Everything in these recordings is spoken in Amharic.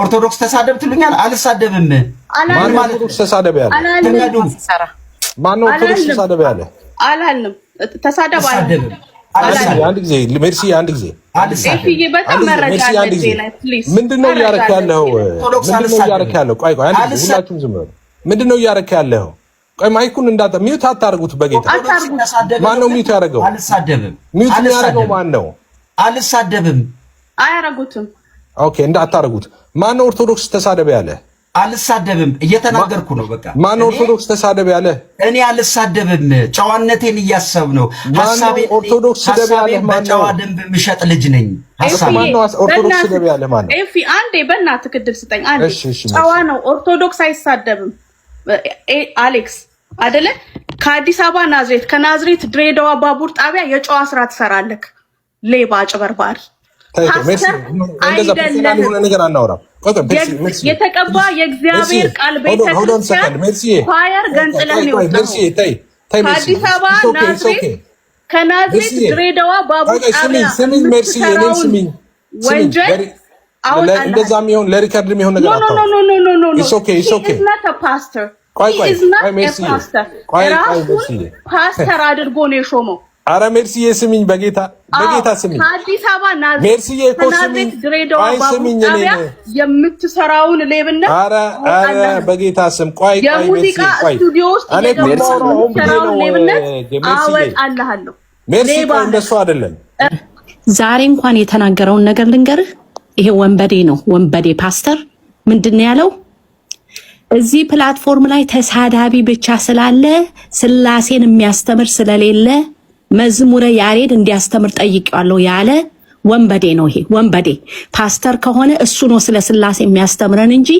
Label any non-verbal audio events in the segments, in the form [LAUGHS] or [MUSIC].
ኦርቶዶክስ ተሳደብ ትሉኛል። አልሳደብም። ማን ኦርቶዶክስ ተሳደብ ያለ? ማን ኦርቶዶክስ ተሳደብ ያለ? አላልንም። ተሳደብ አላልንም። አንድ ጊዜ ሜርሲ፣ አንድ ጊዜ በጣም መረጃ አለ። ምንድን ነው እያደረክ ያለኸው? ምንድን ነው እያደረክ ያለኸው? ቆይ ቆይ፣ አንድ ጊዜ ሁላችሁም ዝም በሉ። ምንድን ነው እያደረክ ያለኸው? ቆይ ማይኩን እንዳታ ሚዩት አታርጉት። በጌታ ማን ነው ሚዩት ያደረገው? አልሳደብም። ሚዩት ያደረገው ማን ነው? አልሳደብም። አያረጉትም ኦኬ እንዳታረጉት። ማነው ኦርቶዶክስ ተሳደበ ያለ? አልሳደብም እየተናገርኩ ነው። በቃ ማነው ኦርቶዶክስ ተሳደበ ያለ? እኔ አልሳደብም። ጨዋነቴን እያሰብ ነው። ሐሳቤን ኦርቶዶክስ ስደብ ያለ በጨዋ ደንብ የምሸጥ ልጅ ነኝ። ማነው ኦርቶዶክስ ስደብ ያለ? ማነው? እፊ አንዴ በእናትህ ክድል ስጠኝ። አንዴ ጨዋ ነው። ኦርቶዶክስ አይሳደብም። አሌክስ አደለ? ከአዲስ አበባ ናዝሬት፣ ከናዝሬት ድሬዳዋ ባቡር ጣቢያ የጨዋ ስራ ትሰራለህ። ሌባ አጭበርባሪ የተቀባ የእግዚአብሔር ቃል ቤተክርስቲያን ኳየር ገንጥለን ፓስተር አድርጎ ነው የሾመው። አረ ሜርሲዬ ስሚኝ፣ በጌታ በጌታ ስሚኝ። አዲስ አበባ ናዝ ሜርሲዬ እኮ ስሚኝ፣ ድሬዳዋ ስሚኝ፣ ጣቢያ የምትሰራውን ሌብነት። አረ አረ በጌታ ስም ቆይ ቆይ፣ የሙዚቃ ስቱዲዮ ውስጥ የምትሰራውን ሌብነት አወጣልሃለሁ። ሜርሲ ቆይ፣ እንደሱ አይደለም። ዛሬ እንኳን የተናገረውን ነገር ልንገርህ። ይሄ ወንበዴ ነው ወንበዴ። ፓስተር ምንድን ነው ያለው? እዚህ ፕላትፎርም ላይ ተሳዳቢ ብቻ ስላለ ስላሴን የሚያስተምር ስለሌለ መዝሙረ ያሬድ እንዲያስተምር ጠይቀዋለሁ ያለ ወንበዴ ነው። ይሄ ወንበዴ ፓስተር ከሆነ እሱ ነው ስለ ስላሴ የሚያስተምረን እንጂ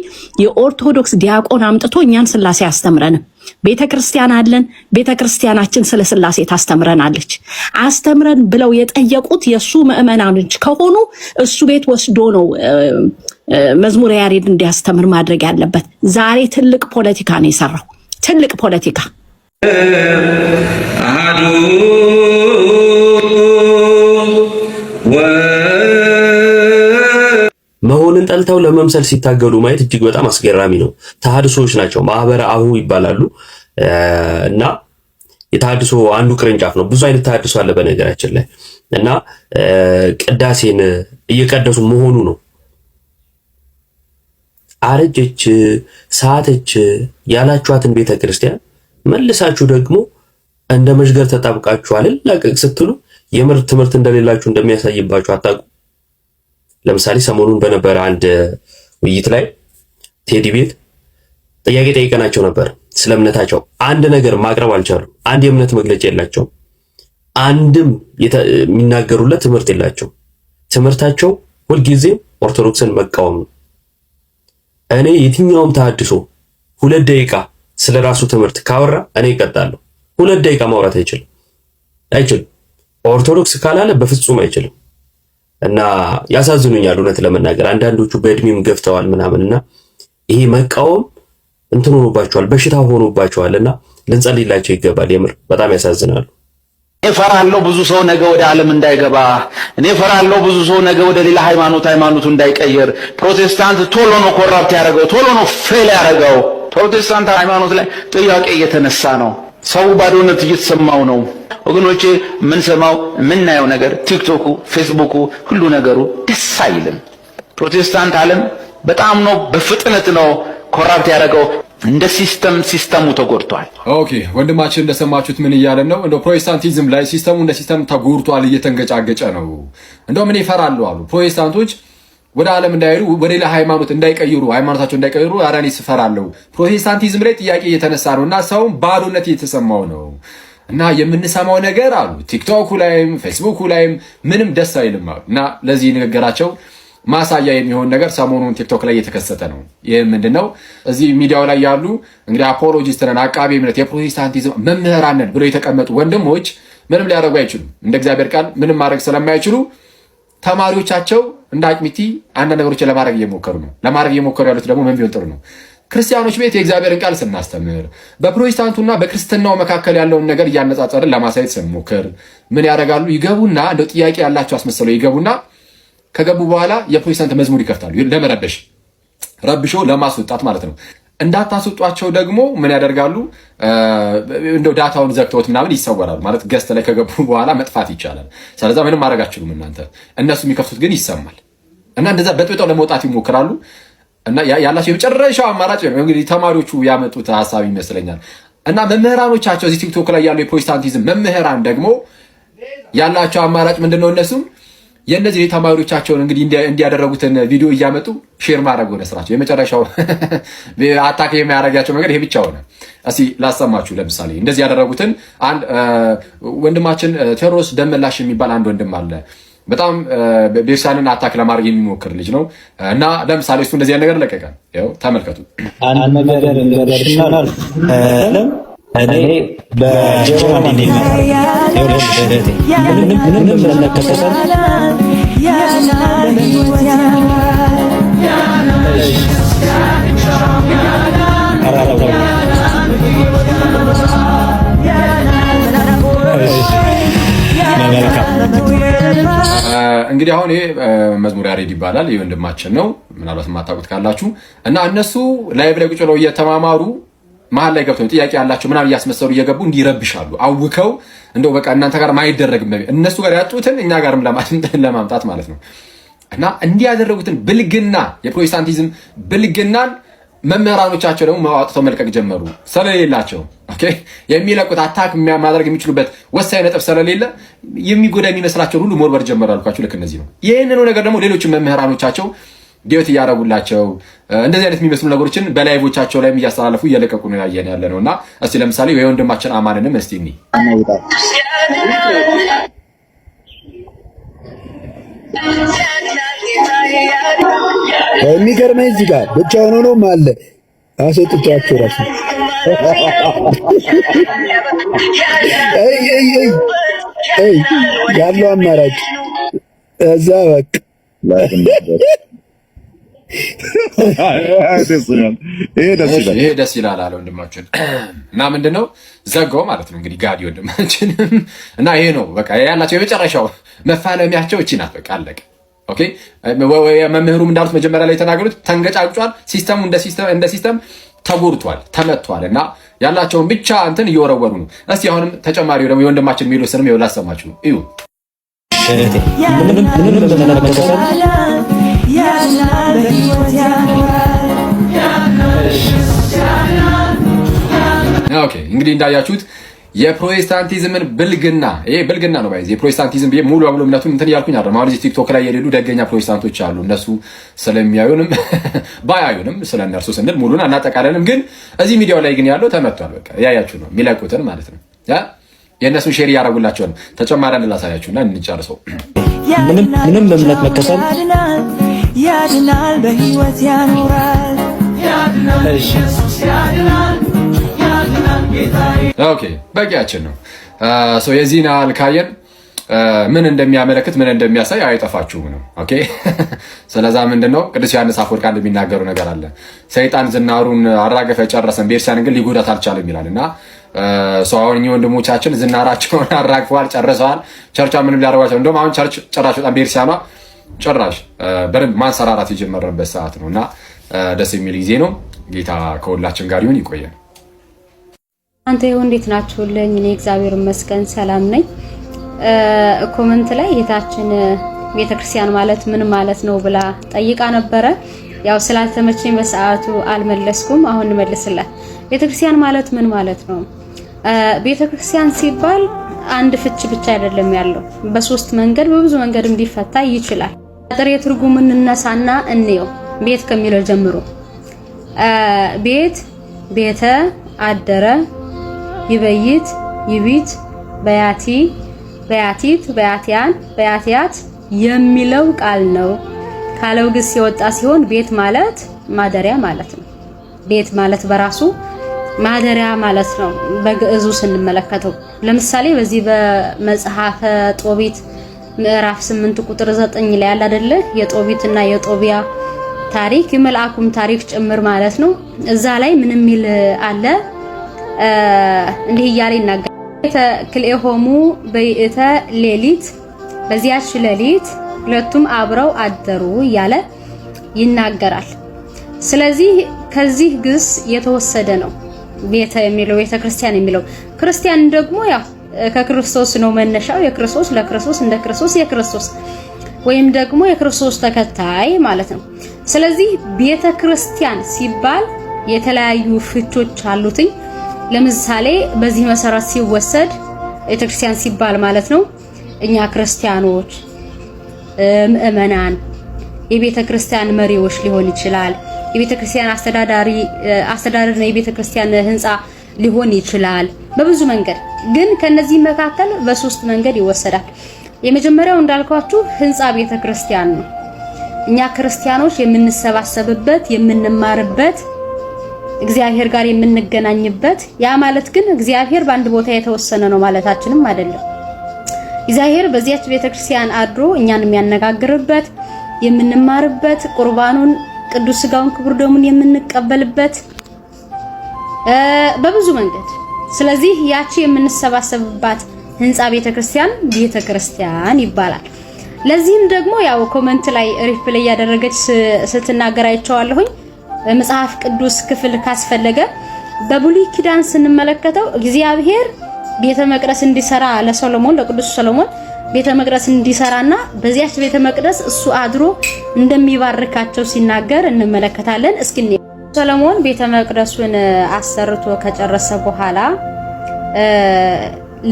የኦርቶዶክስ ዲያቆን አምጥቶ እኛን ስላሴ አያስተምረንም። ቤተ ክርስቲያን አለን። ቤተ ክርስቲያናችን ስለ ስላሴ ታስተምረናለች። አስተምረን ብለው የጠየቁት የእሱ ምዕመናኖች ከሆኑ እሱ ቤት ወስዶ ነው መዝሙረ ያሬድ እንዲያስተምር ማድረግ ያለበት። ዛሬ ትልቅ ፖለቲካ ነው የሰራው። ትልቅ ፖለቲካ መሆንን ጠልተው ለመምሰል ሲታገሉ ማየት እጅግ በጣም አስገራሚ ነው። ተሃድሶዎች ናቸው። ማህበረ አሁ ይባላሉ እና የተሃድሶ አንዱ ቅርንጫፍ ነው። ብዙ አይነት ተሃድሶ አለ በነገራችን ላይ እና ቅዳሴን እየቀደሱ መሆኑ ነው። አረጀች፣ ሳተች ያላችኋትን ቤተ ክርስቲያን መልሳችሁ ደግሞ እንደ መዥገር ተጣብቃችሁ አልል ስትሉ የምር ትምህርት እንደሌላችሁ እንደሚያሳይባችሁ አታውቁ። ለምሳሌ ሰሞኑን በነበረ አንድ ውይይት ላይ ቴዲ ቤት ጥያቄ ጠይቀናቸው ነበር። ስለ እምነታቸው አንድ ነገር ማቅረብ አልቻሉም። አንድ የእምነት መግለጫ የላቸውም። አንድም የሚናገሩለት ትምህርት የላቸው። ትምህርታቸው ሁልጊዜም ኦርቶዶክስን መቃወም ነው። እኔ የትኛውም ተሐድሶ ሁለት ደቂቃ ስለ ራሱ ትምህርት ካወራ እኔ ይቀጣለሁ። ሁለት ደቂቃ ማውራት አይችልም አይችልም። ኦርቶዶክስ ካላለ በፍጹም አይችልም። እና ያሳዝኑኛል፣ እውነት ለመናገር አንዳንዶቹ በእድሜም ገፍተዋል ምናምን እና ይሄ መቃወም እንትን ሆኖባቸዋል፣ በሽታ ሆኖባቸዋል። እና ልንጸልላቸው ይገባል። የምር በጣም ያሳዝናሉ። እኔ ፈራለሁ ብዙ ሰው ነገ ወደ ዓለም እንዳይገባ። እኔ ፈራለሁ ብዙ ሰው ነገ ወደ ሌላ ሃይማኖት ሃይማኖቱ እንዳይቀየር። ፕሮቴስታንት ቶሎ ነው ኮራፕት ያደረገው፣ ቶሎ ነው ፌል ያደረገው። ፕሮቴስታንት ሃይማኖት ላይ ጥያቄ እየተነሳ ነው። ሰው ባዶነት እየተሰማው ነው። ወገኖቼ የምንሰማው የምናየው ነገር ቲክቶኩ፣ ፌስቡኩ፣ ሁሉ ነገሩ ደስ አይልም። ፕሮቴስታንት ዓለም በጣም ነው በፍጥነት ነው ኮራፕት ያደረገው። እንደ ሲስተም ሲስተሙ ተጎድቷል። ኦኬ ወንድማችን እንደሰማችሁት ምን እያለን ነው? እንደ ፕሮቴስታንቲዝም ላይ ሲስተሙ እንደ ሲስተም ተጎድቷል፣ እየተንገጫገጨ ነው። እንደው ምን ይፈራሉ አሉ ፕሮቴስታንቶች ወደ ዓለም እንዳይሄዱ ወደ ሌላ ሃይማኖት እንዳይቀይሩ ሃይማኖታቸው እንዳይቀይሩ አዳን ይስፈራለሁ። ፕሮቴስታንቲዝም ላይ ጥያቄ እየተነሳ ነው እና ሰውም ባዶነት እየተሰማው ነው እና የምንሰማው ነገር አሉ ቲክቶኩ ላይም ፌስቡኩ ላይም ምንም ደስ አይልም አሉ እና ለዚህ ንግግራቸው ማሳያ የሚሆን ነገር ሰሞኑን ቲክቶክ ላይ እየተከሰተ ነው። ይህ ምንድን ነው? እዚህ ሚዲያው ላይ ያሉ እንግዲህ አፖሎጂስት ነን፣ አቃቤ እምነት፣ የፕሮቴስታንቲዝም መምህራን ነን ብሎ የተቀመጡ ወንድሞች ምንም ሊያደርጉ አይችሉም። እንደ እግዚአብሔር ቃል ምንም ማድረግ ስለማይችሉ ተማሪዎቻቸው እንደ አቅሚቲ አንዳንድ ነገሮችን ለማድረግ እየሞከሩ ነው። ለማድረግ እየሞከሩ ያሉት ደግሞ ምን ቢሆን ጥሩ ነው? ክርስቲያኖች ቤት የእግዚአብሔርን ቃል ስናስተምር በፕሮቴስታንቱና በክርስትናው መካከል ያለውን ነገር እያነጻጸርን ለማሳየት ስንሞክር ምን ያደርጋሉ? ይገቡና እንደው ጥያቄ ያላቸው አስመስለው ይገቡና ከገቡ በኋላ የፕሮቴስታንት መዝሙር ይከፍታሉ ለመረበሽ ረብሾ ለማስወጣት ማለት ነው። እንዳታስወጧቸው ደግሞ ምን ያደርጋሉ? እንደው ዳታውን ዘግተውት ምናምን ይሰወራሉ። ማለት ገስት ላይ ከገቡ በኋላ መጥፋት ይቻላል። ስለዛ ምንም ማድረጋችሁም እናንተ። እነሱ የሚከፍቱት ግን ይሰማል እና እንደዛ በጥብጠው ለመውጣት ይሞክራሉ። እና ያላቸው የመጨረሻው አማራጭ እንግዲህ ተማሪዎቹ ያመጡት ሀሳብ ይመስለኛል። እና መምህራኖቻቸው እዚህ ቲክቶክ ላይ ያሉ የፕሮቴስታንቲዝም መምህራን ደግሞ ያላቸው አማራጭ ምንድነው? እነሱም የእነዚህ ተማሪዎቻቸውን እንግዲህ እንዲያደረጉትን ቪዲዮ እያመጡ ሼር ማድረግ ሆነ ስራቸው። የመጨረሻው [LAUGHS] አታክ የሚያደርጋቸው ነገር ይሄ ብቻ ሆነ። እስኪ ላሰማችሁ። ለምሳሌ እንደዚህ ያደረጉትን አንድ ወንድማችን ቴዎድሮስ ደመላሽ የሚባል አንድ ወንድም አለ። በጣም ቤርሳንን አታክ ለማድረግ የሚሞክር ልጅ ነው እና ለምሳሌ እሱ እንደዚህ ነገር ለቀቀ። ተመልከቱ። እኔ እንግዲህ አሁን ይሄ መዝሙር ያሬድ ይባላል። ይህ ወንድማችን ነው። ምናልባት የማታውቁት ካላችሁ እና እነሱ ላይብ ላይ ቁጭ ብለው እየተማማሩ መሀል ላይ ገብተው ጥያቄ ያላቸው ምናምን እያስመሰሉ እየገቡ እንዲረብሻሉ አውከው እንደው በቃ እናንተ ጋር ማይደረግም እነሱ ጋር ያጡትን እኛ ጋርም [LAUGHS] ለማምጣት ማለት ነው። እና እንዲህ ያደረጉትን ብልግና የፕሮቴስታንቲዝም ብልግናን መምህራኖቻቸው ደግሞ አውጥተው መልቀቅ ጀመሩ። ስለሌላቸው የሚለቁት አታክ ማድረግ የሚችሉበት ወሳኝ ነጥብ ስለሌለ የሚጎዳ የሚመስላቸውን ሁሉ መወርወር ጀመሩ። አልኳቸው። ልክ እነዚህ ነው። ይህንኑ ነገር ደግሞ ሌሎችን መምህራኖቻቸው ዲዮት እያረጉላቸው እንደዚህ አይነት የሚመስሉ ነገሮችን በላይቦቻቸው ላይም እያስተላለፉ እየለቀቁ ነው ያየን ያለ ነው እና እስቲ ለምሳሌ ወይ ወንድማችን አማንንም እስቲ እኒ የሚገርመኝ እዚህ ጋር ብቻ ሆኖ ነው ማለ አሰጥቻቸው ራሱ [LAUGHS] ያለው አማራጭ እዛ በቃ ይሄ ደስ ይላል አለ ወንድማችን እና ምንድነው ዘጋው ማለት ነው እንግዲህ ጋዲ ወንድማችን እና ይሄ ነው በቃ ያላቸው የመጨረሻው መፋለሚያቸው እቺ ናት። በቃ አለቀ። ኦኬ መምህሩም እንዳሉት መጀመሪያ ላይ የተናገሩት ተንገጫግጫል፣ ሲስተሙ እንደ ሲስተም ተጎድቷል፣ ተመቷል እና ያላቸውን ብቻ እንትን እየወረወሩ ነው። እስቲ አሁንም ተጨማሪ ደግሞ የወንድማችን ሚሎስንም ላሰማችሁ ነው እዩ ኦኬ እንግዲህ እንዳያችሁት የፕሮቴስታንቲዝምን ብልግና ይሄ ብልግና ነው። ባይዚ የፕሮቴስታንቲዝም ሙሉ በሙሉ እምነቱን እንትን እያልኩኝ አይደለም። አሁን ቲክቶክ ላይ የሌሉ ደገኛ ፕሮቴስታንቶች አሉ። እነሱ ስለሚያዩንም ባያዩንም ስለ እነርሱ ስንል ሙሉን አናጠቃለንም። ግን እዚህ ሚዲያው ላይ ግን ያለው ተመቷል። በቃ ያያችሁ ነው የሚለቁትን ማለት ነው። የእነሱን ሼር እያደረጉላቸው ተጨማሪ ላሳያችሁና እንጨርሰው ምንም እምነት መከሰል ያድናል፣ በሕይወት ያኖራል። ኦኬ በቂያችን ነው። የዚህን ያህል ካየን ምን እንደሚያመለክት ምን እንደሚያሳይ አይጠፋችሁም ነው። ኦኬ [LAUGHS] ስለዛ ምንድን ነው ቅዱስ ዮሐንስ አፈወርቅ አንድ የሚናገሩ ነገር አለ። ሰይጣን ዝናሩን አራገፈ ጨረሰን፣ ቤርሳን ግን ሊጎዳት አልቻለም ይላል እና አሁን እኚህ ወንድሞቻችን ዝናራቸውን [LAUGHS] አራግፈዋል፣ ጨርሰዋል። ቸርቿ ምንም ሊያደርጓቸው እንደውም አሁን ቸርች ጭራሽ በጣም ቤርሲያኗ ጭራሽ በደንብ ማንሰራራት የጀመረበት ሰዓት ነው እና ደስ የሚል ጊዜ ነው። ጌታ ከሁላችን ጋር ይሁን። ይቆያል። አንተ ይኸው እንዴት ናችሁልኝ? እኔ እግዚአብሔር ይመስገን ሰላም ነኝ። ኮመንት ላይ ጌታችን ቤተክርስቲያን ማለት ምን ማለት ነው ብላ ጠይቃ ነበረ። ያው ስላልተመቸኝ በሰዓቱ አልመለስኩም። አሁን እንመልስላት። ቤተክርስቲያን ማለት ምን ማለት ነው? ቤተክርስቲያን ሲባል አንድ ፍች ብቻ አይደለም ያለው፣ በሶስት መንገድ በብዙ መንገድ እንዲፈታ ይችላል። ጥሬ ትርጉም እንነሳና እንየው። ቤት ከሚለው ጀምሮ ቤት፣ ቤተ፣ አደረ፣ ይበይት፣ ይቢት፣ በያቲ፣ በያቲት፣ በያቲያን፣ በያቲያት የሚለው ቃል ነው ካለው ግስ የወጣ ሲሆን ቤት ማለት ማደሪያ ማለት ነው። ቤት ማለት በራሱ ማደሪያ ማለት ነው። በግዕዙ ስንመለከተው ለምሳሌ በዚህ በመጽሐፈ ጦቢት ምዕራፍ 8 ቁጥር 9 ላይ አለ አይደለ የጦቢትና የጦቢያ ታሪክ የመልአኩም ታሪክ ጭምር ማለት ነው። እዛ ላይ ምን የሚል አለ? እንዲህ እያለ ይናገራል። ክልኤሆሙ በይእተ ሌሊት፣ በዚያች ሌሊት ሁለቱም አብረው አደሩ እያለ ይናገራል። ስለዚህ ከዚህ ግስ የተወሰደ ነው ቤተ የሚለው ቤተ ክርስቲያን የሚለው ክርስቲያን ደግሞ ያው ከክርስቶስ ነው መነሻው። የክርስቶስ ለክርስቶስ እንደ ክርስቶስ የክርስቶስ ወይም ደግሞ የክርስቶስ ተከታይ ማለት ነው። ስለዚህ ቤተ ክርስቲያን ሲባል የተለያዩ ፍቾች አሉትኝ። ለምሳሌ በዚህ መሰረት ሲወሰድ ቤተ ክርስቲያን ሲባል ማለት ነው እኛ ክርስቲያኖች፣ ምእመናን፣ የቤተ ክርስቲያን መሪዎች ሊሆን ይችላል። የቤተ ክርስቲያን አስተዳዳሪ አስተዳደር ነው። የቤተ ክርስቲያን ህንፃ ሊሆን ይችላል። በብዙ መንገድ ግን ከነዚህ መካከል በሶስት መንገድ ይወሰዳል። የመጀመሪያው እንዳልኳችሁ ህንፃ ቤተ ክርስቲያን ነው። እኛ ክርስቲያኖች የምንሰባሰብበት፣ የምንማርበት፣ እግዚአብሔር ጋር የምንገናኝበት ያ ማለት ግን እግዚአብሔር በአንድ ቦታ የተወሰነ ነው ማለታችንም አይደለም። እግዚአብሔር በዚያች ቤተ ክርስቲያን አድሮ እኛን የሚያነጋግርበት፣ የምንማርበት፣ ቁርባኑን ቅዱስ ስጋውን ክቡር ደሙን የምንቀበልበት በብዙ መንገድ ስለዚህ ያቺ የምንሰባሰብባት ህንፃ ቤተክርስቲያን ቤተክርስቲያን ይባላል። ለዚህም ደግሞ ያው ኮመንት ላይ ሪፕ ላይ ያደረገች ስትናገር አይቼዋለሁኝ። መጽሐፍ ቅዱስ ክፍል ካስፈለገ በብሉይ ኪዳን ስንመለከተው እግዚአብሔር ቤተ መቅደስ እንዲሰራ ለሶሎሞን ለቅዱስ ሰሎሞን ቤተ መቅደስ እንዲሰራና በዚያች ቤተ መቅደስ እሱ አድሮ እንደሚባርካቸው ሲናገር እንመለከታለን። እስኪ ሰለሞን ቤተ መቅደሱን አሰርቶ ከጨረሰ በኋላ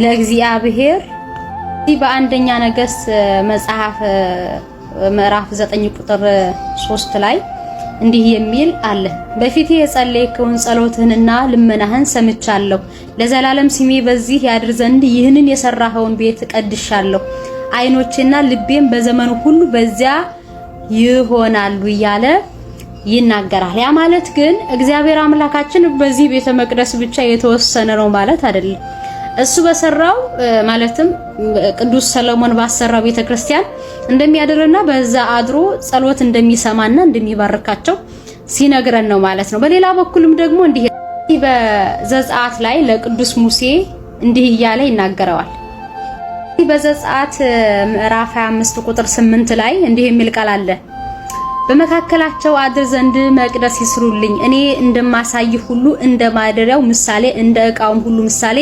ለእግዚአብሔር እዚህ በአንደኛ ነገስት መጽሐፍ ምዕራፍ 9 ቁጥር 3 ላይ እንዲህ የሚል አለ። በፊት የጸለይከውን ጸሎትህንና ልመናህን ሰምቻለሁ። ለዘላለም ስሜ በዚህ ያድር ዘንድ ይህንን የሰራኸውን ቤት ቀድሻለሁ። አይኖቼና ልቤም በዘመኑ ሁሉ በዚያ ይሆናሉ እያለ ይናገራል። ያ ማለት ግን እግዚአብሔር አምላካችን በዚህ ቤተ መቅደስ ብቻ የተወሰነ ነው ማለት አይደለም። እሱ በሰራው ማለትም ቅዱስ ሰለሞን ባሰራው ቤተ ክርስቲያን እንደሚያድርና በዛ አድሮ ጸሎት እንደሚሰማና እንደሚባርካቸው ሲነግረን ነው ማለት ነው። በሌላ በኩልም ደግሞ እንዲህ በዘጸአት ላይ ለቅዱስ ሙሴ እንዲህ እያለ ይናገረዋል። በዘጸአት ምዕራፍ 25 ቁጥር 8 ላይ እንዲህ የሚል ቃል አለ በመካከላቸው አድር ዘንድ መቅደስ ይስሩልኝ፣ እኔ እንደማሳይ ሁሉ እንደ ማደሪያው ምሳሌ እንደ ዕቃውም ሁሉ ምሳሌ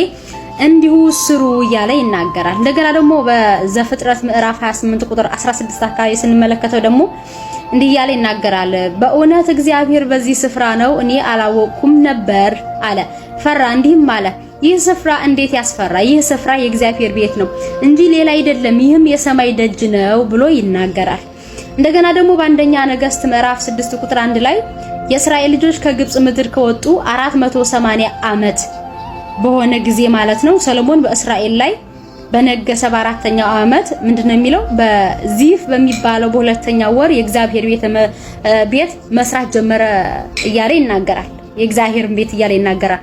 እንዲሁ ስሩ እያለ ይናገራል። እንደገና ደግሞ በዘፍጥረት ምዕራፍ 28 ቁጥር 16 አካባቢ ስንመለከተው ደግሞ እንዲህ እያለ ይናገራል። በእውነት እግዚአብሔር በዚህ ስፍራ ነው፣ እኔ አላወቅኩም ነበር አለ። ፈራ፣ እንዲህም አለ ይህ ስፍራ እንዴት ያስፈራ! ይህ ስፍራ የእግዚአብሔር ቤት ነው እንጂ ሌላ አይደለም፣ ይህም የሰማይ ደጅ ነው ብሎ ይናገራል። እንደገና ደግሞ በአንደኛ ነገስት ምዕራፍ 6 ቁጥር 1 ላይ የእስራኤል ልጆች ከግብጽ ምድር ከወጡ 480 ዓመት በሆነ ጊዜ ማለት ነው ሰለሞን በእስራኤል ላይ በነገሰ በአራተኛው ዓመት ምንድነው የሚለው በዚፍ በሚባለው በሁለተኛው ወር የእግዚአብሔር ቤት መስራት ጀመረ እያለ ይናገራል። የእግዚአብሔርን ቤት እያለ ይናገራል።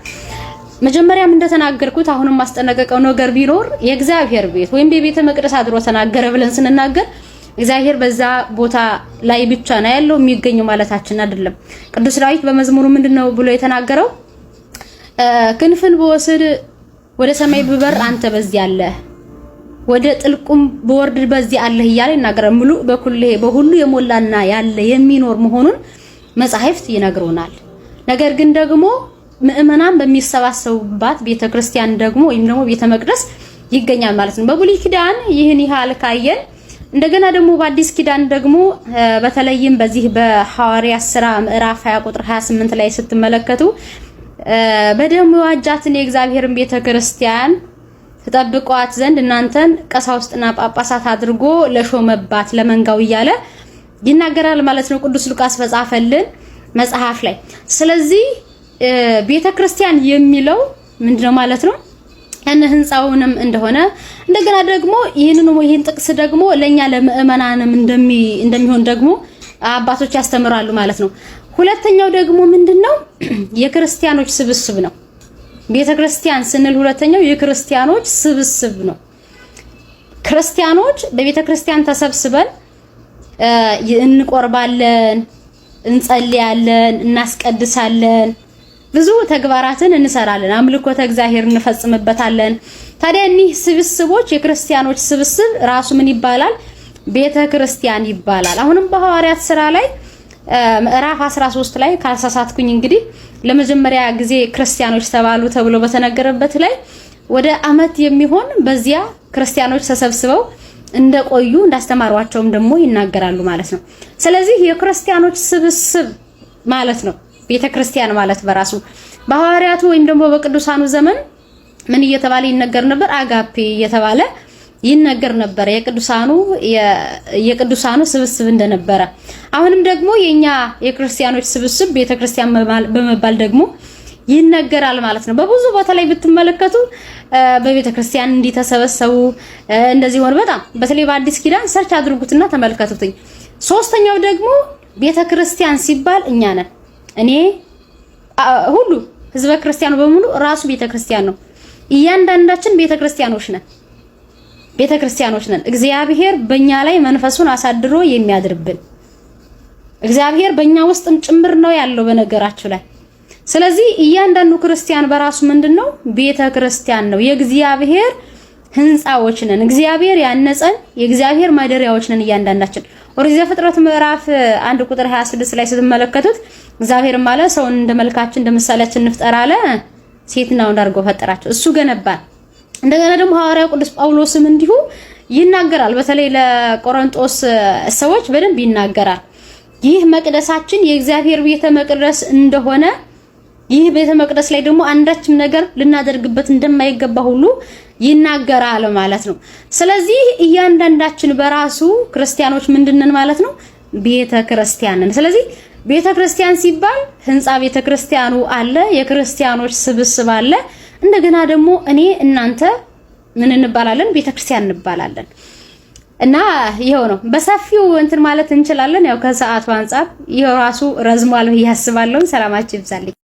መጀመሪያም እንደተናገርኩት አሁንም ማስጠነቀቀው ነገር ቢኖር የእግዚአብሔር ቤት ወይም የቤተ መቅደስ አድሮ ተናገረ ብለን ስንናገር እግዚአብሔር በዛ ቦታ ላይ ብቻ ነው ያለው የሚገኘው ማለታችን አይደለም። ቅዱስ ዳዊት በመዝሙሩ ምንድነው ብሎ የተናገረው? ክንፍን በወስድ ወደ ሰማይ ብበር አንተ በዚህ አለ ወደ ጥልቁም በወርድ በዚህ አለ እያለ ይናገራል። ሙሉ በኩል በሁሉ የሞላና ያለ የሚኖር መሆኑን መጻሕፍት ይነግሩናል። ነገር ግን ደግሞ ምእመናን በሚሰባሰቡባት ቤተክርስቲያን ደግሞ ወይም ደግሞ ቤተ መቅደስ ይገኛል ማለት ነው። በብሉይ ኪዳን ይህን ያህል ካየን እንደገና ደግሞ በአዲስ ኪዳን ደግሞ በተለይም በዚህ በሐዋርያ ስራ ምዕራፍ 20 ቁጥር 28 ላይ ስትመለከቱ በደም የዋጃትን የእግዚአብሔርን ቤተ ክርስቲያን ተጠብቋት ዘንድ እናንተን ቀሳውስትና ጳጳሳት አድርጎ ለሾመባት ለመንጋው እያለ ይናገራል ማለት ነው ቅዱስ ሉቃስ በጻፈልን መጽሐፍ ላይ። ስለዚህ ቤተ ክርስቲያን የሚለው ምንድነው ማለት ነው ያን ህንፃውንም እንደሆነ እንደገና ደግሞ ይህንን ይህን ጥቅስ ደግሞ ለእኛ ለምእመናንም እንደሚሆን ደግሞ አባቶች ያስተምራሉ ማለት ነው። ሁለተኛው ደግሞ ምንድን ነው? [CLEARS THROAT] የክርስቲያኖች ስብስብ ነው። ቤተ ክርስቲያን ስንል ሁለተኛው የክርስቲያኖች ስብስብ ነው። ክርስቲያኖች በቤተ ክርስቲያን ተሰብስበን እንቆርባለን፣ እንጸልያለን፣ እናስቀድሳለን ብዙ ተግባራትን እንሰራለን፣ አምልኮተ እግዚአብሔር እንፈጽምበታለን። ታዲያ እኒህ ስብስቦች የክርስቲያኖች ስብስብ ራሱ ምን ይባላል? ቤተ ክርስቲያን ይባላል። አሁንም በሐዋርያት ስራ ላይ ምዕራፍ 13 ላይ ካልሳሳትኩኝ እንግዲህ ለመጀመሪያ ጊዜ ክርስቲያኖች ተባሉ ተብሎ በተነገረበት ላይ ወደ አመት የሚሆን በዚያ ክርስቲያኖች ተሰብስበው እንደቆዩ እንዳስተማሯቸውም ደግሞ ይናገራሉ ማለት ነው። ስለዚህ የክርስቲያኖች ስብስብ ማለት ነው። ቤተ ክርስቲያን ማለት በራሱ በሐዋርያቱ ወይም ደግሞ በቅዱሳኑ ዘመን ምን እየተባለ ይነገር ነበር? አጋፔ እየተባለ ይነገር ነበር። የቅዱሳኑ የቅዱሳኑ ስብስብ እንደነበረ አሁንም ደግሞ የኛ የክርስቲያኖች ስብስብ ቤተክርስቲያን በመባል ደግሞ ይነገራል ማለት ነው። በብዙ ቦታ ላይ ብትመለከቱ በቤተክርስቲያን እንዲተሰበሰቡ እንደዚህ ሆነ። በጣም በተለይ በአዲስ ኪዳን ሰርች አድርጉትና ተመልከቱትኝ። ሶስተኛው ደግሞ ቤተክርስቲያን ሲባል እኛ ነን። እኔ ሁሉ ህዝበ ክርስቲያኑ በሙሉ ራሱ ቤተክርስቲያን ነው። እያንዳንዳችን ክርስቲያኖች ነን ክርስቲያኖች ነን። እግዚአብሔር በእኛ ላይ መንፈሱን አሳድሮ የሚያድርብን እግዚአብሔር በእኛ ውስጥም ጭምር ነው ያለው በነገራችሁ ላይ። ስለዚህ እያንዳንዱ ክርስቲያን በራሱ ምንድን ነው ክርስቲያን ነው። የእግዚአብሔር ህንፃዎች ነን። እግዚአብሔር ያነጸን የእግዚአብሔር ማደሪያዎች ነን እያንዳንዳችን። ኦሪት ዘፍጥረት ምዕራፍ አንድ ቁጥር 26 ላይ ስትመለከቱት እግዚአብሔርም አለ ሰውን እንደ መልካችን እንደ ምሳሌያችን እንፍጠር አለ። ሴትና ወንድ አድርጎ ፈጠራቸው፣ እሱ ገነባል እንደገና ደግሞ ሐዋርያው ቅዱስ ጳውሎስም እንዲሁ ይናገራል። በተለይ ለቆሮንቶስ ሰዎች በደንብ ይናገራል። ይህ መቅደሳችን የእግዚአብሔር ቤተ መቅደስ እንደሆነ ይህ ቤተ መቅደስ ላይ ደግሞ አንዳችም ነገር ልናደርግበት እንደማይገባ ሁሉ ይናገራል ማለት ነው። ስለዚህ እያንዳንዳችን በራሱ ክርስቲያኖች ምንድነን ማለት ነው? ቤተ ክርስቲያንን ስለዚህ ቤተ ክርስቲያን ሲባል ህንፃ ቤተ ክርስቲያኑ አለ፣ የክርስቲያኖች ስብስብ አለ። እንደገና ደግሞ እኔ እናንተ ምን እንባላለን? ቤተ ክርስቲያን እንባላለን። እና ይኸው ነው በሰፊው እንትን ማለት እንችላለን። ያው ከሰዓቱ አንጻር ይኸው ራሱ ረዝሟል ብዬ አስባለሁ። ሰላማችሁ ይብዛልኝ።